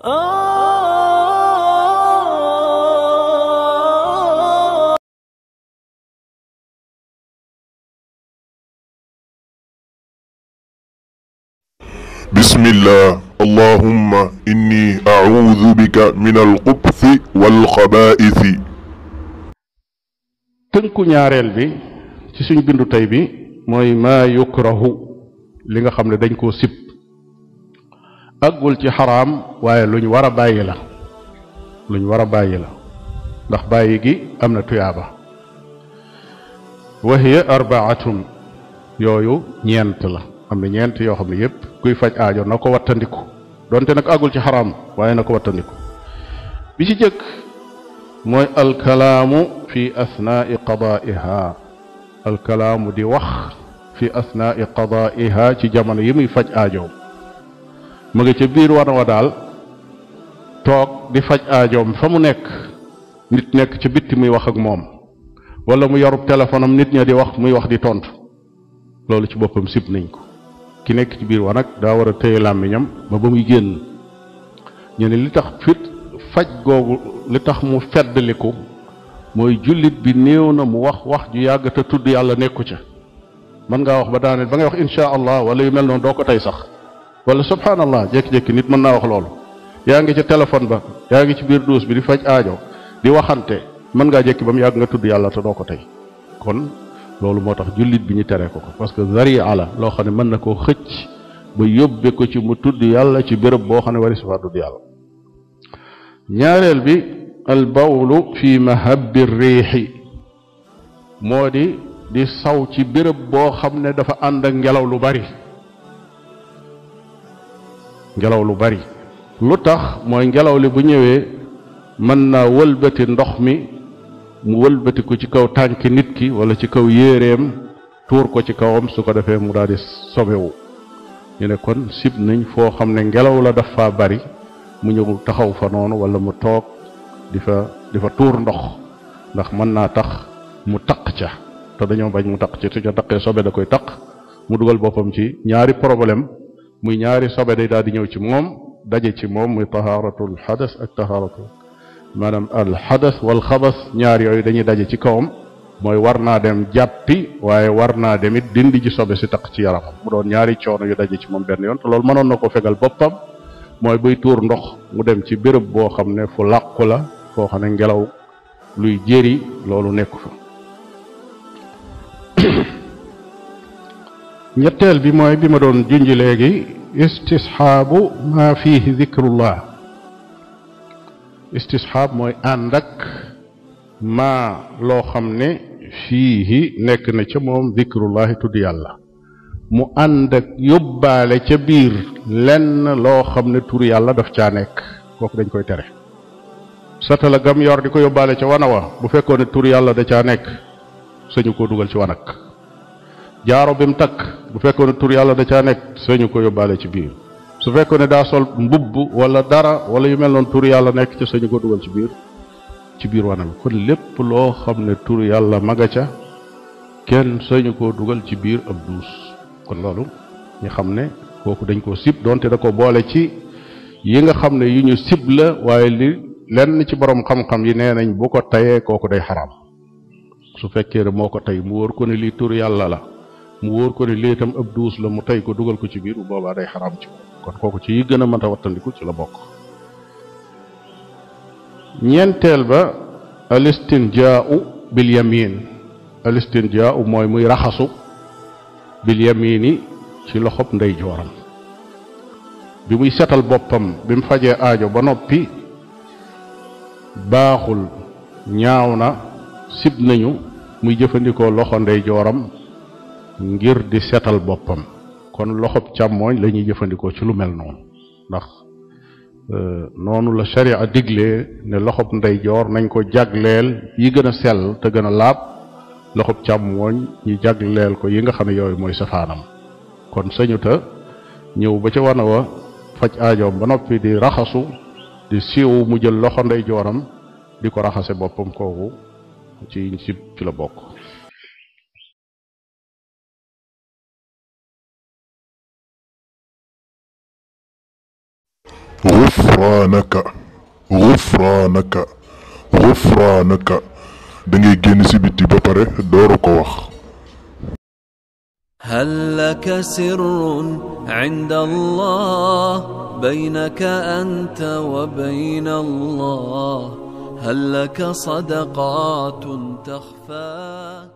آه. بسم الله اللهم إني أعوذ بك من القبث والخبائث تنكو نيارل بي سي سوني بندو تاي بي موي ما يكره ليغا خامل دنجكو سيب àggul ci xaraam waaye luñ war a bàyyi la luñ war a bàyyi la ndax bàyyi gi am na tuyaaba wa hiya arbaatun yooyu ñeent la am na ñeent yoo xam ne yépp kuy faj aajo na ko wattandiku donte nag àggul ci xaraam waaye na ko wattandiku bi ci jëkk mooy alkalaamu fi asnaai qadaiha alkalaamu di wax fi asnaai qadaiha ci jamono yi muy faj aajoom ma nga ca biir war wa daal toog di faj aajoom fa mu nekk nit nekk ci bitti muy wax ak moom wala mu yorub téléphone am nit ña di wax muy wax di tontu loolu ci boppam sib nañ ko ki nekk ci biir wa nag daa war a téye làmmiñam ba ba muy ñu ne li tax fit faj googu li tax mu feddaliku mooy jullit bi néew na mu wax wax ju yàgg te tudd yàlla nekku ca man ngaa wax ba daane ba ngay wax insha allah wala yu mel noonu doo ko tey sax wala subhanallah jek jek nit mën na wax loolu yaangi ci telephone ba yaangi ci bir douce bi di fajj aajo di waxante mën nga jek bam nga tuddu yalla doko tay kon loolu motax julit bi ñu téré ko parce que zari ala lo xamne mën na ba yobbe ko ci mu tuddu yalla ci bo xamne wari bi al bawl fi mahab ar rih di di saw ci béréb bo xamne ne dafa and ak ngelaw lu bari ngelaw lu bari lu tax mooy ngelaw li bu ñëwee mën naa wëlbati ndox mi mu wëlbati ko ci kaw tànki nit ki wala ci kaw yéereem tuur ko ci kawam su ko defee mu daal di sobewu ñu ne kon sib nañ foo xam ne ngelaw la daf faa bari mu ñëw taxaw fa noonu wala mu toog di fa di tuur ndox ndax mën naa tax mu taq ca te dañoo bañ mu taq ca su ca taqee sobe da koy taq mu dugal boppam ci ñaari problème muy ñaari sobe day daal di ñëw ci moom daje ci moom muy tahaaratul xadas ak tahaaratul maanaam al xadas wal xabas ñaar yooyu dañuy daje ci kawam mooy war naa dem jàppi waaye war naa demit dindi ci sobe si taq ci yaramam mu doon ñaari coono yu daje ci moom benn yoon te loolu mënoon na ko fegal boppam mooy buy tuur ndox mu dem ci béréb boo xam ne fu làqu la foo xam ne ngelaw luy jëri loolu nekku fa ñetteel bi mooy bi ma doon junj léegi istisxaabu ma fihi zikrullah istisxaab mooy ànd ak maa loo xam ne fiihi nekk na ca moom zikrullahi tudd yàlla mu ànd ak yóbbaale ca biir lenn loo xam ne tur yàlla daf caa nekk kooku dañ koy tere satala gam yor di ko yóbbaale ca wana wa bu fekkoon ne tur yàlla da caa nekk sañu koo dugal ci wanak jaaro bi mu takk bu fekkoon ne tur yàlla da caa nekk sooñu ko yóbbaale ci biir su fekkoon ne daa sol mbubb wala dara wala yu mel noonu tur yàlla nekk ca sañu ko dugal ci biir ci biir wanam kon lépp loo xam ne tur yàlla maga ca kenn sooñu koo dugal ci biir ab duus kon loolu ñu xam ne kooku dañ koo sib donte da ko boole ci yi nga xam ne yu ñu sib la waaye li lenn ci borom xam-xam yi nee nañ bu ko tayee kooku day xaraam su fekkee ne moo ko tey mu wóor ko ne lii tur yàlla la mu wóor ko ne lii itam ab duus la mu tey ko dugal ko ci biir bu boobaa day xaraam ci kon kooku ci yi gën wattandiku ci la bokk ñeenteel ba alistinjaau bil listin alistinjaau mooy muy raxasu bil ci loxob ndey jooram bi muy setal boppam bi mu fajee aajo ba noppi baaxul ñaaw na sib nañu muy jëfandikoo loxo ndey jooram ngir di seetal boppam kon loxob càmmooñ la jëfandikoo ci lu mel noonu ndax euh, noonu la a digle ne loxob ndeyjoor nañ ko jagleel yi gën a sell te gën a laab loxob càmmooñ ñu jagleel ko yi nga xam ne yooyu mooy safaanam kon sañuta ñëw ba ca wana wa faj aajoom ba noppi di raxasu di siiw mu jël loxo ndeyjooram di ko raxase boppam kooku ci ci ci la bokk غفرانك غفرانك غفرانك da ngay génn si biti ba pare dooru هل لك سر عند الله بينك أنت وبين الله هل لك صدقات تخفى